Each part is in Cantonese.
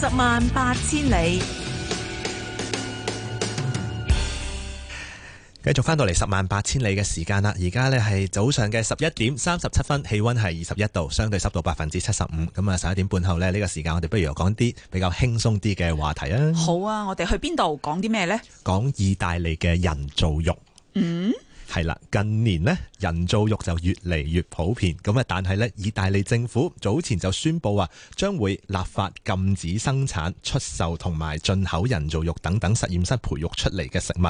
十萬八千里，繼續翻到嚟十萬八千里嘅時間啦！而家呢係早上嘅十一點三十七分，氣溫係二十一度，相對濕度百分之七十五。咁啊，十一點半後呢，呢個時間，我哋不如又講啲比較輕鬆啲嘅話題啊！好啊，我哋去邊度講啲咩呢？講意大利嘅人造肉。嗯。係啦，近年呢人造肉就越嚟越普遍，咁啊，但係呢意大利政府早前就宣布啊，將會立法禁止生產、出售同埋進口人造肉等等實驗室培育出嚟嘅食物，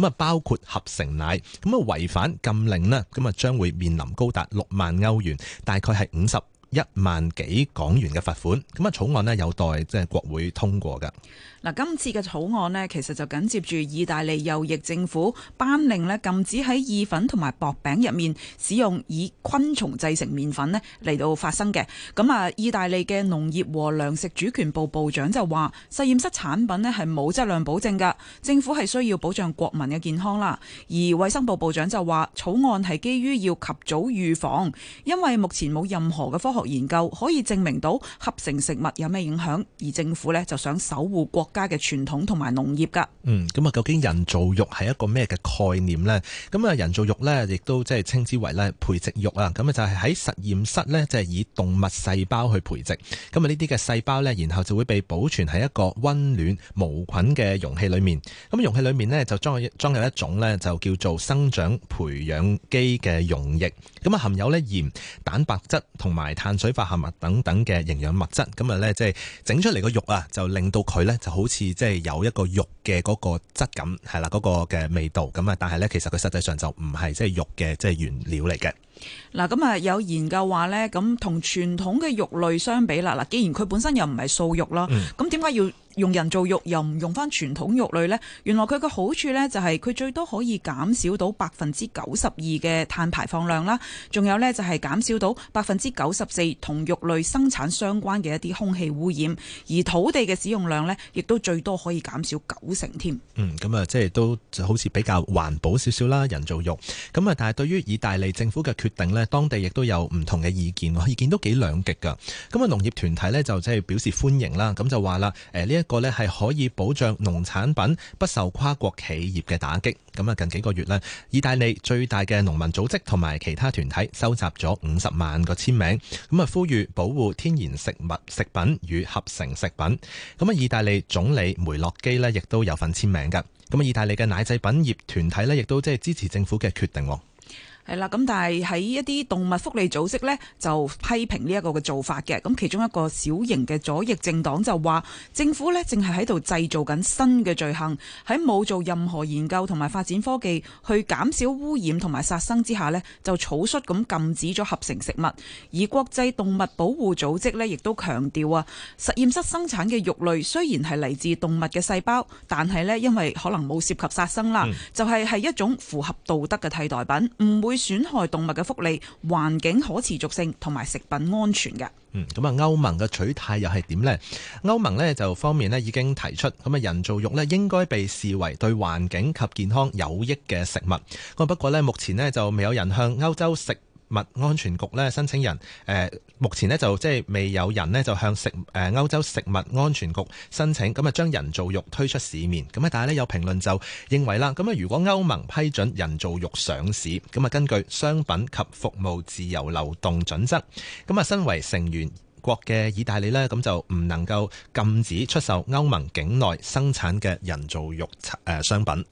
咁啊包括合成奶，咁啊違反禁令呢，咁啊將會面臨高達六萬歐元，大概係五十。一萬幾港元嘅罰款，咁啊草案呢有待即係國會通過噶。嗱，今次嘅草案呢，其實就緊接住意大利右翼政府頒令呢禁止喺意粉同埋薄餅入面使用以昆蟲製成麵粉呢嚟到發生嘅。咁啊，意大利嘅農業和糧食主權部部長就話實驗室產品呢係冇質量保證噶，政府係需要保障國民嘅健康啦。而衛生部部長就話草案係基於要及早預防，因為目前冇任何嘅科學。研究可以證明到合成食物有咩影響，而政府呢就想守護國家嘅傳統同埋農業㗎。嗯，咁啊，究竟人造肉係一個咩嘅概念呢？咁啊，人造肉呢，亦都即係稱之為咧培植肉啊。咁啊，就係、是、喺實驗室呢，即係以動物細胞去培植。咁啊，呢啲嘅細胞呢，然後就會被保存喺一個溫暖無菌嘅容器裏面。咁容器裏面呢，就裝有裝有一種呢，就叫做生長培養基嘅溶液。咁啊，含有咧鹽、蛋白質同埋。碳水化合物等等嘅營養物質，咁啊，咧，即係整出嚟個肉啊，就令到佢咧就好似即係有一個肉嘅嗰個質感，係啦，嗰、那個嘅味道，咁啊，但係咧，其實佢實際上就唔係即係肉嘅即係原料嚟嘅。嗱、嗯，咁啊有研究話咧，咁同傳統嘅肉類相比啦，嗱，既然佢本身又唔係素肉啦，咁點解要？用人造肉又唔用翻傳統肉類呢？原來佢個好處呢，就係佢最多可以減少到百分之九十二嘅碳排放量啦，仲有呢，就係減少到百分之九十四同肉類生產相關嘅一啲空氣污染，而土地嘅使用量呢，亦都最多可以減少九成添。嗯，咁啊，即係都好似比較環保少少啦，人造肉。咁啊，但係對於意大利政府嘅決定呢，當地亦都有唔同嘅意見，意見都幾兩極㗎。咁啊，農業團體呢，就即係表示歡迎啦，咁就話啦，誒呢一一個咧，係可以保障農產品不受跨國企業嘅打擊。咁啊，近幾個月呢，意大利最大嘅農民組織同埋其他團體收集咗五十萬個簽名，咁啊，呼籲保護天然食物食品與合成食品。咁啊，意大利總理梅洛基呢，亦都有份簽名㗎。咁啊，意大利嘅奶製品業團體呢，亦都即係支持政府嘅決定。係啦，咁但係喺一啲動物福利組織呢，就批評呢一個嘅做法嘅。咁其中一個小型嘅左翼政黨就話，政府呢淨係喺度製造緊新嘅罪行，喺冇做任何研究同埋發展科技去減少污染同埋殺生之下呢，就草率咁禁止咗合成食物。而國際動物保護組織呢，亦都強調啊，實驗室生產嘅肉類雖然係嚟自動物嘅細胞，但係呢，因為可能冇涉及殺生啦，就係、係、係一種符合道德嘅替代品，唔會損害動物嘅福利、環境可持續性同埋食品安全嘅。嗯，咁啊，歐盟嘅取態又係點呢？歐盟呢就方面呢已經提出，咁啊，人造肉呢應該被視為對環境及健康有益嘅食物。咁不過呢，目前呢就未有人向歐洲食。物安全局咧，申請人誒目前咧就即係未有人咧就向食誒歐洲食物安全局申請，咁啊將人造肉推出市面，咁啊但係咧有評論就認為啦，咁啊如果歐盟批准人造肉上市，咁啊根據商品及服務自由流動準則，咁啊身為成員國嘅意大利咧，咁就唔能夠禁止出售歐盟境內生產嘅人造肉誒商品。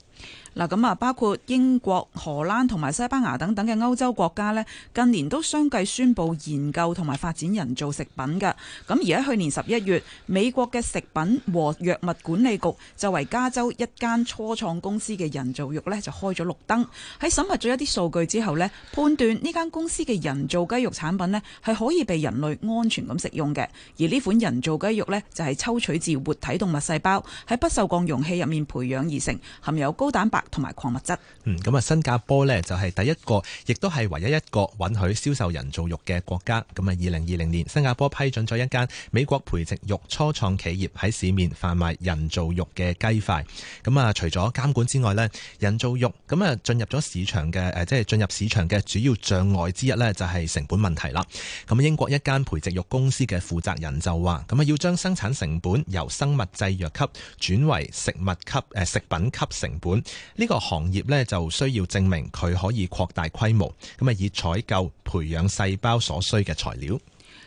嗱咁啊，包括英國荷蘭同埋西班牙等等嘅歐洲國家咧，近年都相繼宣布研究同埋發展人造食品嘅。咁而喺去年十一月，美國嘅食品和藥物管理局就為加州一間初創公司嘅人造肉咧就開咗綠燈，喺審核咗一啲數據之後咧，判斷呢間公司嘅人造雞肉產品咧係可以被人類安全咁食用嘅。而呢款人造雞肉咧就係抽取自活體動物細胞，喺不鏽鋼容器入面培養而成，含有高蛋白。同埋礦物質。嗯，咁啊，新加坡呢，就係第一個，亦都係唯一一個允許銷售人造肉嘅國家。咁啊，二零二零年，新加坡批准咗一間美國培植肉初創企業喺市面販賣人造肉嘅雞塊。咁啊，除咗監管之外呢，人造肉咁啊進入咗市場嘅誒，即係進入市場嘅主要障礙之一呢，就係成本問題啦。咁英國一間培植肉公司嘅負責人就話，咁啊要將生產成本由生物製藥級轉為食物級誒食品級成本。呢個行業咧就需要證明佢可以擴大規模，咁啊以採購培養細胞所需嘅材料。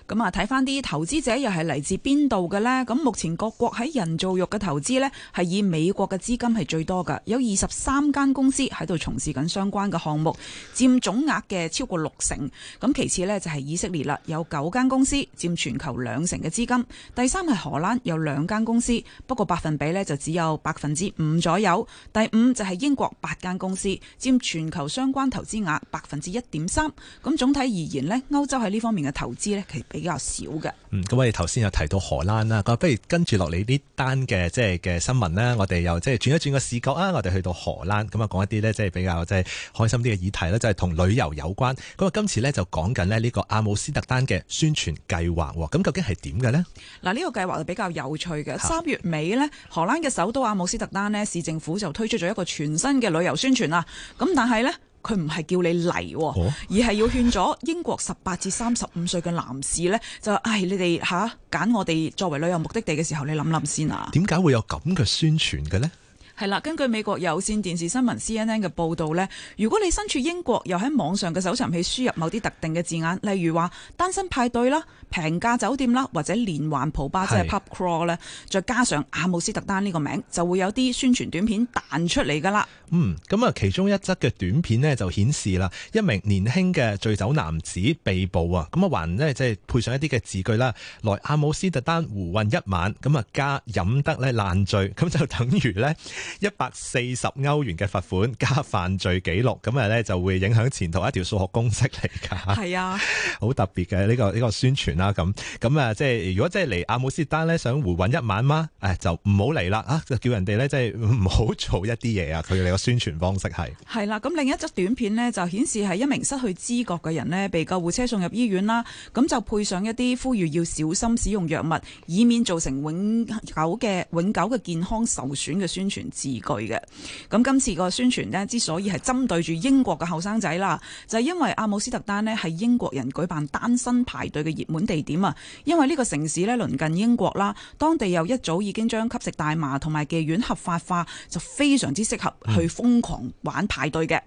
咁啊，睇翻啲投資者又係嚟自邊度嘅咧？咁目前各國喺人造肉嘅投資咧，係以美國嘅資金係最多嘅，有二十三間公司喺度從事緊相關嘅項目，佔總額嘅超過六成。咁其次咧就係以色列啦，有九間公司佔全球兩成嘅資金。第三係荷蘭有兩間公司，不過百分比咧就只有百分之五左右。第五就係英國八間公司佔全球相關投資額百分之一點三。咁總體而言咧，歐洲喺呢方面嘅投資咧，其。比較少嘅。嗯，咁我哋頭先有提到荷蘭啦，咁不如跟住落嚟呢單嘅，即係嘅新聞啦。我哋又即係轉一轉個視角啦，我哋去到荷蘭咁啊，講一啲呢，即係比較即係開心啲嘅議題啦，就係、是、同旅遊有關。咁啊，今次呢，就講緊呢呢個阿姆斯特丹嘅宣傳計劃。咁究竟係點嘅呢？嗱，呢個計劃就比較有趣嘅。三月尾呢，荷蘭嘅首都阿姆斯特丹呢，市政府就推出咗一個全新嘅旅遊宣傳啦。咁但係呢。佢唔係叫你嚟喎，哦、而係要勸咗英國十八至三十五歲嘅男士呢。 就唉、哎，你哋吓揀我哋作為旅遊目的地嘅時候，你諗諗先啊！點解會有咁嘅宣傳嘅呢？係啦，根據美國有線電視新聞 CNN 嘅報導呢，如果你身處英國，又喺網上嘅搜尋器輸入某啲特定嘅字眼，例如話單身派對啦、平價酒店啦或者連環蒲巴是，即係 pub crawl 再加上阿姆斯特丹呢個名，就會有啲宣傳短片彈出嚟㗎啦。嗯，咁啊，其中一則嘅短片呢就顯示啦，一名年輕嘅醉酒男子被捕啊，咁啊還呢，即係配上一啲嘅字句啦，來阿姆斯特丹胡混一晚，咁啊加飲得咧爛醉，咁就等於呢一百四十歐元嘅罰款加犯罪記錄，咁啊咧就會影響前途。一條數學公式嚟噶，係啊，好特別嘅呢個呢個宣傳啦。咁咁啊，即係如果即係嚟阿姆斯特丹咧，想回穩一晚嗎？誒、哎，就唔好嚟啦啊！就叫人哋咧，即係唔好做一啲嘢啊。佢哋個宣傳方式係係啦。咁另一則短片呢，就顯示係一名失去知覺嘅人呢，被救護車送入醫院啦。咁就配上一啲呼籲要小心使用藥物，以免造成永久嘅永久嘅健康受損嘅宣傳。字句嘅，咁今次個宣傳呢，之所以係針對住英國嘅後生仔啦，就係、是、因為阿姆斯特丹呢係英國人舉辦單身派對嘅熱門地點啊，因為呢個城市呢，鄰近英國啦，當地又一早已經將吸食大麻同埋妓院合法化，就非常之適合去瘋狂玩派對嘅、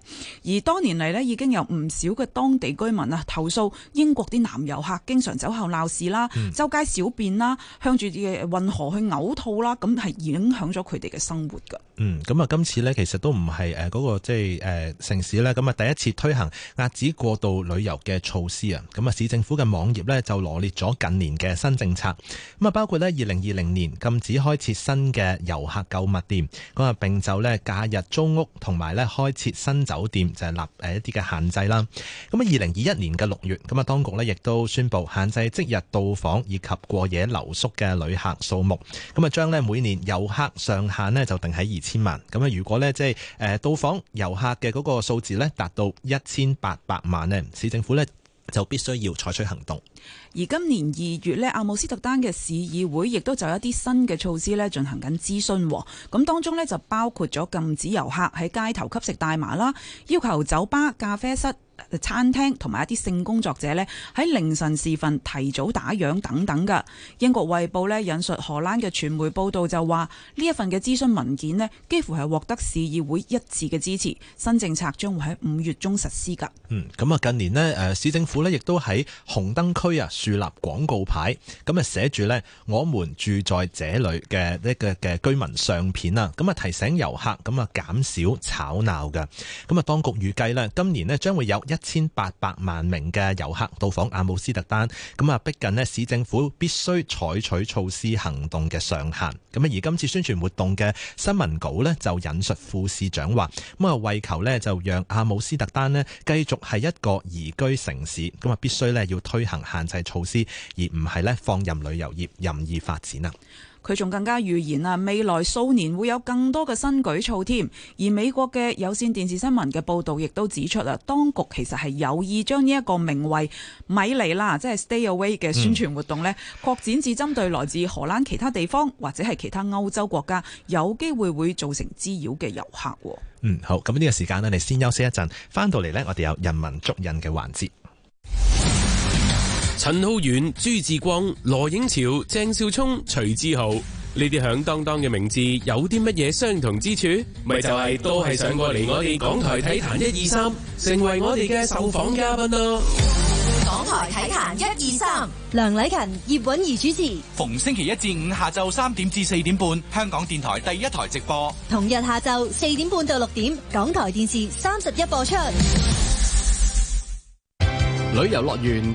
嗯。而多年嚟呢，已經有唔少嘅當地居民啊投訴英國啲男遊客經常酒後鬧事啦、嗯，周街小便啦，向住嘅運河去嘔吐啦，咁係影響咗佢哋嘅生活㗎。嗯，咁啊，今次呢，其實都唔係誒，嗰個即係誒，城市呢，咁啊，第一次推行遏止過度旅遊嘅措施啊。咁啊，市政府嘅網頁呢，就羅列咗近年嘅新政策。咁啊，包括呢，二零二零年禁止開設新嘅遊客購物店。咁啊，並就呢假日租屋同埋呢開設新酒店就係立誒一啲嘅限制啦。咁啊，二零二一年嘅六月，咁啊，當局呢亦都宣布限制即日到訪以及過夜留宿嘅旅客數目。咁啊，將呢每年遊客上限呢，就定喺。二千萬咁啊！如果咧，即係誒到訪遊客嘅嗰個數字咧，達到一千八百萬咧，市政府咧就必須要採取行動。而今年二月咧，阿姆斯特丹嘅市議會亦都就一啲新嘅措施咧進行緊諮詢，咁當中咧就包括咗禁止遊客喺街頭吸食大麻啦，要求酒吧、咖啡室、餐廳同埋一啲性工作者咧，喺凌晨時分提早打烊等等噶。英國衛報咧引述荷蘭嘅傳媒報道就話，呢一份嘅諮詢文件咧，幾乎係獲得市議會一致嘅支持，新政策將會喺五月中實施噶。嗯，咁啊，近年咧，誒，市政府咧亦都喺紅燈區啊，豎立廣告牌，咁啊，寫住咧，我們住在這裏嘅呢個嘅居民相片啊，咁啊，提醒遊客咁啊，減少吵鬧噶。咁啊，當局預計咧，今年咧將會有，一千八百萬名嘅遊客到訪阿姆斯特丹，咁啊，逼近呢，市政府必須採取措施行動嘅上限。咁而今次宣傳活動嘅新聞稿呢，就引述副市長話，咁啊，為求呢，就讓阿姆斯特丹呢繼續係一個宜居城市，咁啊，必須呢要推行限制措施，而唔係呢放任旅遊業任意發展啊。佢仲更加預言啦，未來數年會有更多嘅新舉措添。而美國嘅有線電視新聞嘅報導亦都指出啦，當局其實係有意將呢一個名為米利啦，即係 Stay Away 嘅宣傳活動咧、嗯，擴展至針對來自荷蘭其他地方或者係其他歐洲國家，有機會會造成滋擾嘅遊客。嗯，好，咁呢個時間咧，你先休息一陣，翻到嚟呢，我哋有人文足印嘅環節。陳浩源、朱志光、羅英潮、鄭少聰、徐志豪，呢啲響當當嘅名字有啲乜嘢相同之處？咪就係、是、都係上過嚟我哋港台體壇一二三，成為我哋嘅受訪嘉賓咯。港台體壇一二三，梁禮勤、葉韻儀主持，逢星期一至五下晝三點至四點半，香港電台第一台直播；同日下晝四點半到六點，港台電視三十一播出。旅遊樂園。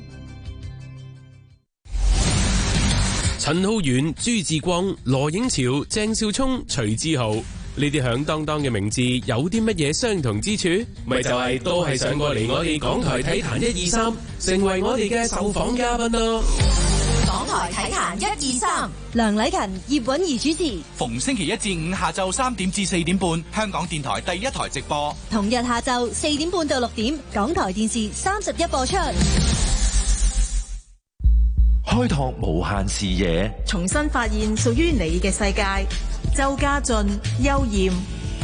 陳浩源、朱志光、羅影潮、鄭少聰、徐志豪，呢啲響當當嘅名字有啲乜嘢相同之處？咪就係、是、都係上過嚟我哋港台體壇一二三，成為我哋嘅受訪嘉賓咯。港台體壇一二三，梁禮勤、葉韻儀主持，逢星期一至五下晝三點至四點半，香港電台第一台直播；同日下晝四點半到六點，港台電視三十一播出。開拓無限視野，重新發現屬於你嘅世界。周家俊、邱燕，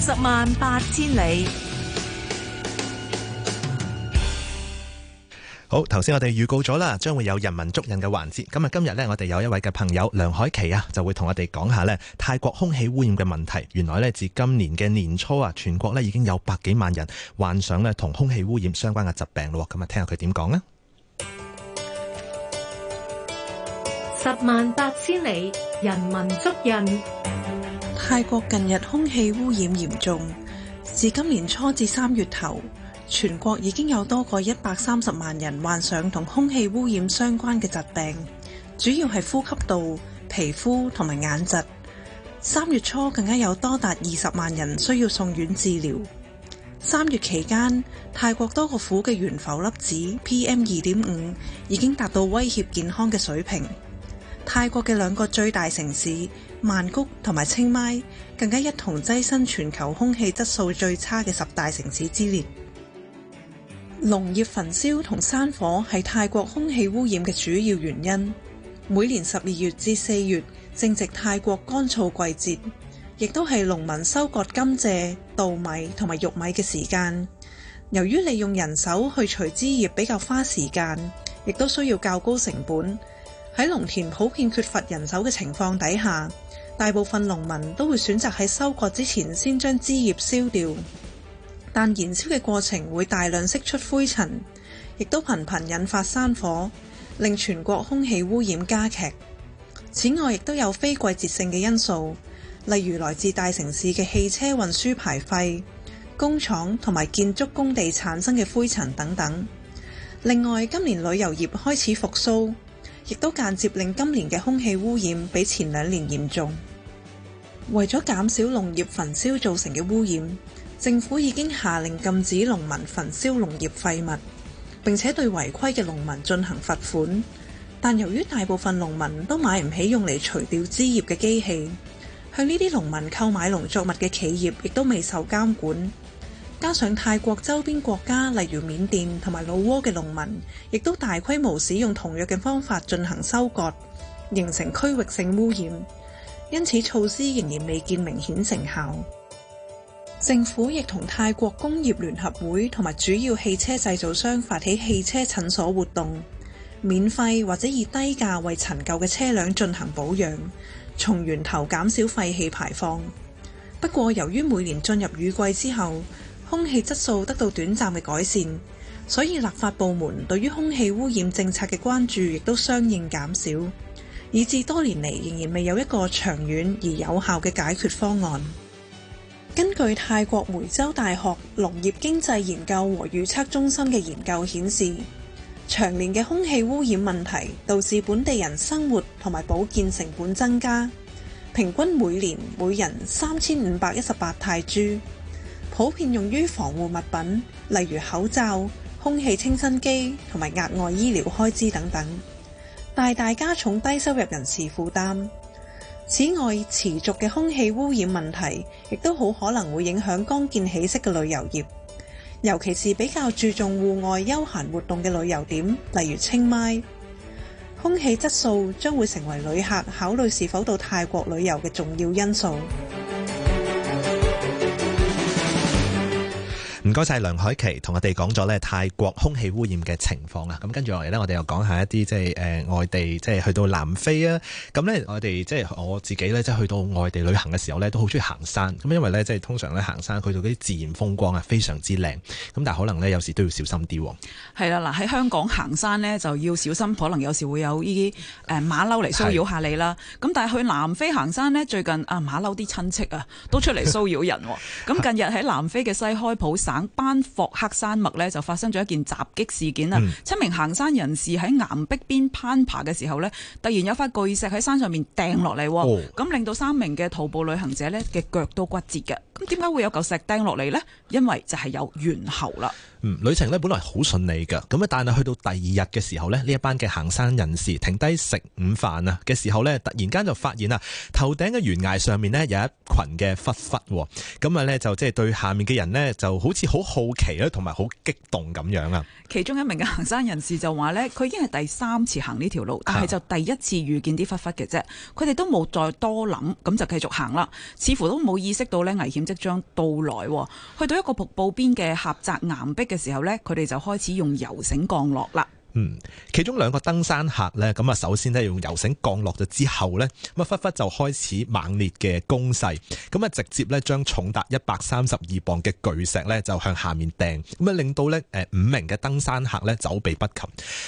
十萬八千里。好，頭先我哋預告咗啦，將會有人文足印嘅環節。咁啊，今日呢，我哋有一位嘅朋友梁凱琪啊，就會同我哋講下呢泰國空氣污染嘅問題。原來呢，自今年嘅年初啊，全國呢已經有百幾萬人患上呢同空氣污染相關嘅疾病咯。咁啊，聽下佢點講呢？十萬八千里，人民足印。泰國近日空氣污染嚴重，自今年初至三月頭，全國已經有多過一百三十萬人患上同空氣污染相關嘅疾病，主要係呼吸道、皮膚同埋眼疾。三月初更加有多達二十萬人需要送院治療。三月期間，泰國多個府嘅懸浮粒子 （PM 二點五）已經達到威脅健康嘅水平。泰國嘅兩個最大城市曼谷同埋清邁，更加一同躋身全球空氣質素最差嘅十大城市之列。農業焚燒同山火係泰國空氣污染嘅主要原因。每年十二月至四月，正值泰國乾燥季節，亦都係農民收割甘蔗、稻米同埋玉米嘅時間。由於利用人手去除枝葉比較花時間，亦都需要較高成本。喺農田普遍缺乏人手嘅情況底下，大部分農民都會選擇喺收割之前先將枝葉燒掉。但燃燒嘅過程會大量釋出灰塵，亦都頻頻引發山火，令全國空氣污染加劇。此外，亦都有非季節性嘅因素，例如來自大城市嘅汽車運輸排廢、工廠同埋建築工地產生嘅灰塵等等。另外，今年旅遊業開始復甦。亦都間接令今年嘅空氣污染比前兩年嚴重。為咗減少農業焚燒造成嘅污染，政府已經下令禁止農民焚燒農業廢物，並且對違規嘅農民進行罰款。但由於大部分農民都買唔起用嚟除掉枝葉嘅機器，向呢啲農民購買農作物嘅企業亦都未受監管。加上泰國周邊國家，例如緬甸同埋老撾嘅農民，亦都大規模使用同樣嘅方法進行收割，形成區域性污染。因此措施仍然未見明顯成效。政府亦同泰國工業聯合會同埋主要汽車製造商發起汽車診所活動，免費或者以低價為陳舊嘅車輛進行保養，從源頭減少廢氣排放。不過由於每年進入雨季之後，空氣質素得到短暫嘅改善，所以立法部門對於空氣污染政策嘅關注亦都相應減少，以至多年嚟仍然未有一個長遠而有效嘅解決方案。根據泰國梅州大學農業經濟研究和預測中心嘅研究顯示，長年嘅空氣污染問題導致本地人生活同埋保健成本增加，平均每年每人三千五百一十八泰銖。普遍用於防護物品，例如口罩、空氣清新機同埋額外醫療開支等等，大大加重低收入人士負擔。此外，持續嘅空氣污染問題，亦都好可能會影響剛見起色嘅旅遊業，尤其是比較注重戶外休閒活動嘅旅遊點，例如清邁。空氣質素將會成為旅客考慮是否到泰國旅遊嘅重要因素。唔該晒，梁凱琪，同我哋講咗咧泰國空氣污染嘅情況喇。咁跟住落嚟咧，我哋又講下一啲即係誒外地，即係去到南非啊！咁咧我哋即係我自己咧，即係去到外地旅行嘅時候咧，都好中意行山。咁因為咧，即係通常咧行山，去到嗰啲自然風光啊，非常之靚。咁但係可能咧，有時都要小心啲。係啦，嗱喺香港行山咧，就要小心，可能有時會有呢啲誒馬騮嚟騷擾下你啦。咁但係去南非行山咧，最近啊馬騮啲親戚啊都出嚟騷擾人。咁 近日喺南非嘅西開普省。班霍克山脈咧就發生咗一件襲擊事件啦，嗯、七名行山人士喺岩壁邊攀爬嘅時候咧，突然有塊巨石喺山上面掟落嚟，咁、哦、令到三名嘅徒步旅行者咧嘅腳都骨折嘅。咁點解會有嚿石掟落嚟呢？因為就係有猿猴啦。嗯，旅程呢，本來好順利噶，咁啊，但係去到第二日嘅時候呢，呢一班嘅行山人士停低食午飯啊嘅時候呢，突然間就發現啦頭頂嘅懸崖上面呢，有一群嘅狒狒，咁啊呢，就即係對下面嘅人呢，就好似好好奇啦，同埋好激動咁樣啊。其中一名嘅行山人士就話呢，佢已經係第三次行呢條路，但係就第一次遇見啲狒狒嘅啫。佢哋都冇再多諗，咁就繼續行啦。似乎都冇意識到呢危險。即將到來，去到一個瀑布邊嘅狹窄岩壁嘅時候呢，佢哋就開始用游繩索降落啦。嗯，其中兩個登山客咧，咁啊首先咧用游繩降落咗之後咧，咁啊狒狒就開始猛烈嘅攻勢，咁啊直接咧將重達一百三十二磅嘅巨石咧就向下面掟，咁啊令到咧誒五名嘅登山客咧走避不及，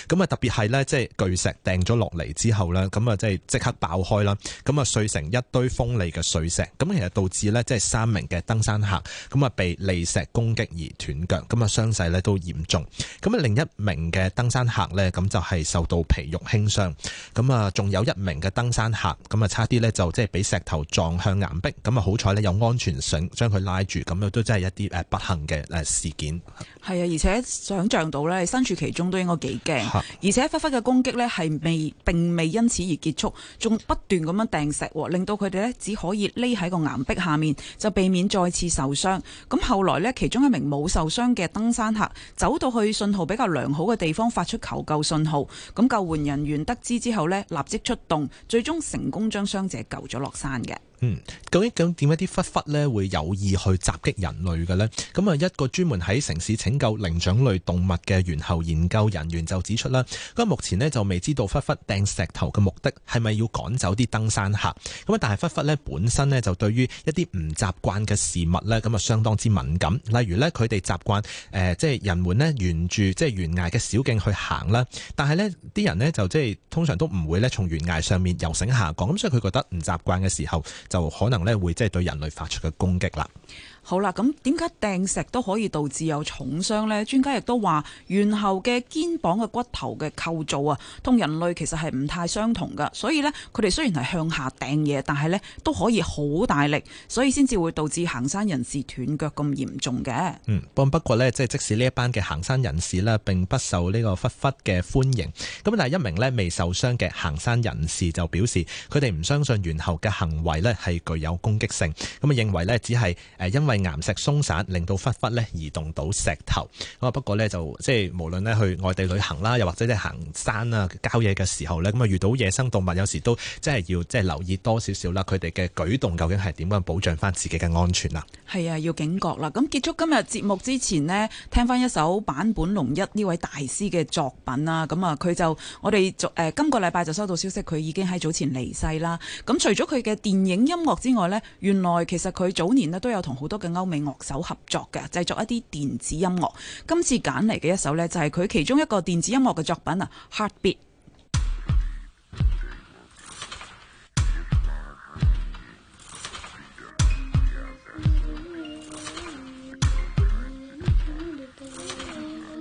咁啊特別係咧即係巨石掟咗落嚟之後咧，咁啊即係即刻爆開啦，咁啊碎成一堆鋒利嘅碎石，咁其實導致咧即係三名嘅登山客咁啊被利石攻擊而斷腳，咁啊傷勢咧都嚴重，咁啊另一名嘅登山客。客咁就係受到皮肉輕傷，咁啊仲有一名嘅登山客，咁啊差啲呢就即係俾石頭撞向岩壁，咁啊好彩呢有安全繩將佢拉住，咁啊都真係一啲誒不幸嘅誒事件。係啊，而且想象到呢，身處其中都應該幾驚，而且狒狒嘅攻擊呢，係未並未因此而結束，仲不斷咁樣掟石，令到佢哋呢只可以匿喺個岩壁下面，就避免再次受傷。咁後來呢，其中一名冇受傷嘅登山客走到去信號比較良好嘅地方發出。求救信號，咁救援人員得知之後呢，立即出動，最終成功將傷者救咗落山嘅。嗯，究竟咁點解啲狒狒咧會有意去襲擊人類嘅呢？咁啊，一個專門喺城市拯救靈長類動物嘅猿猴研究人員就指出啦。咁目前呢，就未知道狒狒掟石頭嘅目的係咪要趕走啲登山客。咁啊，但係狒狒咧本身呢，就對於一啲唔習慣嘅事物呢，咁啊相當之敏感。例如呢，佢哋習慣誒即係人們呢沿住即係懸崖嘅小徑去行啦，但係呢啲人呢，就即係通常都唔會呢從懸崖上面游繩下降，咁所以佢覺得唔習慣嘅時候，就可能咧，會即係對人類發出嘅攻擊啦。好啦，咁點解掟石都可以導致有重傷呢？專家亦都話猿猴嘅肩膀嘅骨頭嘅構造啊，同人類其實係唔太相同噶，所以呢，佢哋雖然係向下掟嘢，但係呢都可以好大力，所以先至會導致行山人士斷腳咁嚴重嘅。嗯，不過不過呢，即係即使呢一班嘅行山人士呢並不受呢個狒狒嘅歡迎，咁但一名呢未受傷嘅行山人士就表示，佢哋唔相信猿猴嘅行為呢係具有攻擊性，咁啊認為呢，只係誒因為。岩石鬆散，令到忽忽咧移動到石頭，咁啊，不過咧就即係無論咧去外地旅行啦，又或者係行山啊、郊野嘅時候咧，咁啊遇到野生動物，有時都真係要即係留意多少少啦。佢哋嘅舉動究竟係點樣保障翻自己嘅安全啊？係啊，要警覺啦。咁結束今日節目之前咧，聽翻一首坂本龍一呢位大師嘅作品啊，咁啊，佢就我哋誒今個禮拜就收到消息，佢已經喺早前離世啦。咁除咗佢嘅電影音樂之外咧，原來其實佢早年咧都有同好多。嘅歐美樂手合作嘅製作一啲電子音樂，今次揀嚟嘅一首呢，就係佢其中一個電子音樂嘅作品啊，《Heartbeat》。